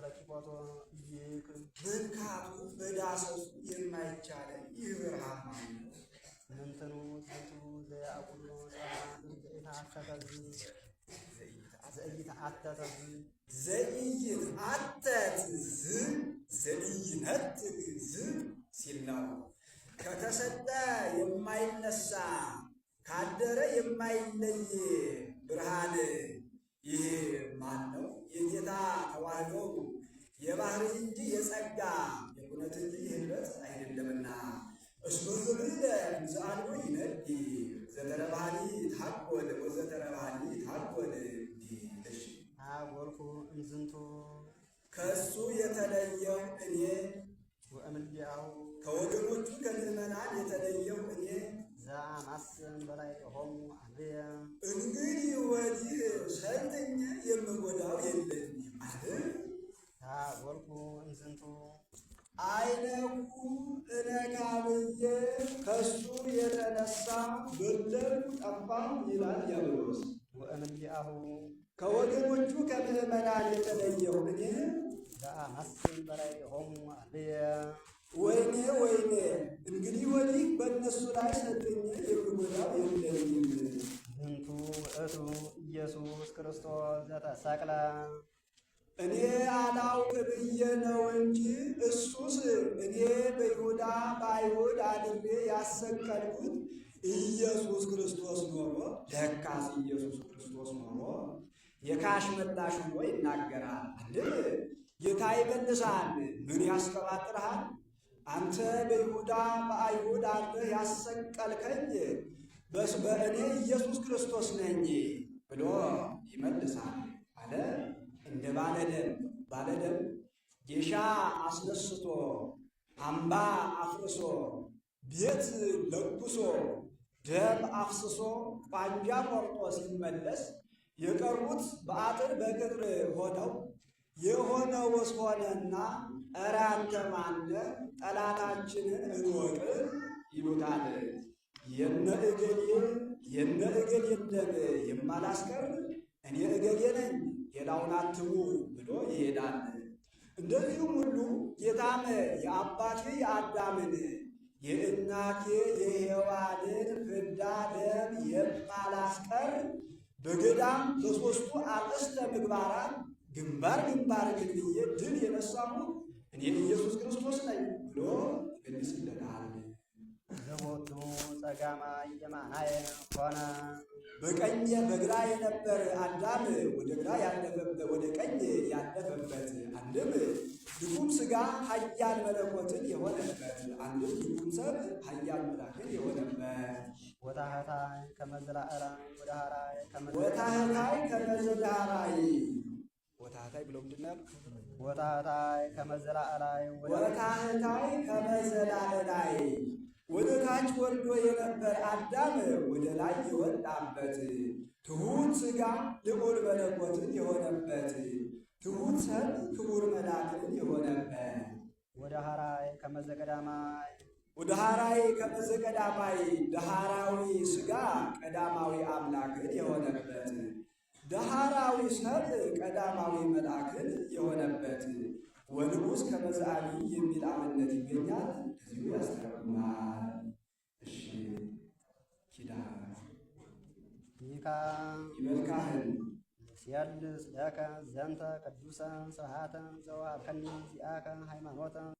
ዘላቂ ቋቶ በዳሰሱ ይህ ብርሃን ምንትኑ ዘያቁሎ ዘእይት ዘእይት ዘእይነት ሲል ነው። ከተሰጠ የማይነሳ ካደረ የማይለይ ብርሃን ይህ ማን ነው? የጌታ ተዋህዶ የባህሪ እንጂ የጸጋ የእውነት እንጂ የህልበት አይደለምና እስኩዙል ዘአልቦ ይነድ ዘተረ ባህሪ ታቆል ወዘተረ ባህሪ ታቆል ሽ አወልኩ እምዝንቱ ከእሱ የተለየው እኔ ወእምልያው ከወገኖቹ ከምዕመናን የተለየው እኔ ከማስን በላይ ሆሙ አብየ እንግዲህ ወዲህ ሸንተኛ የምጎዳው የለም አለ ታወልኩ እንዝንቱ አይነኩ እነጋ እነካብዬ ከሱ የተነሳ በደልኩ ጠፋም ይላል ዲያብሎስ ወእምኔአሁ ከወገኖቹ ከምዕመናን የተለየው እኔ ስለዚህ በእነሱ ላይ ሰጥኝ የምጎዳው የለኝም። ዝንቱ ውእቱ ኢየሱስ ክርስቶስ ዘተሰቅለ እኔ አላውቅ ብዬ ነው እንጂ እሱስ እኔ በይሁዳ በአይሁድ አድርጌ ያሰቀልኩት ኢየሱስ ክርስቶስ ኖሮ ለካስ ኢየሱስ ክርስቶስ ኖሮ የካሽ መላሽ ሆኖ ይናገራል። አንድ ጌታ ይመልሳል፣ ምን ያስጠባጥርሃል? አንተ በይሁዳ በአይሁድ አርገህ ያሰቀልከኝ በእኔ ኢየሱስ ክርስቶስ ነኝ ብሎ ይመልሳል አለ። እንደ ባለደም ባለደም ጌሻ አስነስቶ አምባ አፍርሶ ቤት ለጉሶ ደም አፍስሶ ቋንጃ ቆርጦ ሲመለስ የቀሩት በአጥር በቅጥር ሆነው የሆነ ወስሆነና እራንተ አንተ ጠላታችንን እንወቅ ይሉታል። የነ እገሌ የነ እገሌ ደም እኔ እገሌ ነኝ፣ ሌላውን አትሙ ብሎ ይሄዳል። እንደዚሁም ሁሉ ጌታም የአባቴ የአዳምን የእናቴ የሔዋንን ፍዳ ደም የማላስቀር በገዳም በሶስቱ አርእስተ ምግባራት ግንባር ግንባር የሚየ ድል የነሳሙ እኔ ኢየሱስ ክርስቶስ ነኝ ብሎ ይገልጽልናል። ዘቦቱ ጸጋማ የማሃይ ሆነ በቀኝ በግራ የነበር አዳም ወደ ግራ ያለፈበት ወደ ቀኝ ያለፈበት፣ አንድም ድጉም ስጋ ሀያል መለኮትን የሆነበት፣ አንድም ድጉም ሰብ ሀያል መላክን የሆነበት ወታህታይ ከመዝራእራ ወደ ሀራይ ወታህታይ ከመዝራእራይ ወታህታይ ብሎ ምንድን ነው ያሉት? ወታህታይ ከመዘላዕላይ ወታህታይ ከመዘላዕላይ ወደ ታች ወርዶ የነበር አዳም ወደ ላይ የወጣበት ትሁት ሥጋ ልዑል መለኮትን የሆነበት ትሁት ሰብ ክቡር መላእክትን የሆነበት ወደ ሐራይ ከመዘቀዳማይ ወደ ሐራይ ከመዘቀዳማይ ዳህራዊ ስጋ ቀዳማዊ አምላክን የሆነበት ይሽናል ቀዳማዊ መልአክን የሆነበት ወንጉስ ከመዛሪ የሚል አብነት ይገኛል። እዚሁ ያስተረጉማል። እሺ ኪዳን ሚካ ይመልካህን ሲያልስ ዳካ ዘንተ ቅዱሳን ስብሐተ ዘወሀብከኒ ዚአከ ሃይማኖተ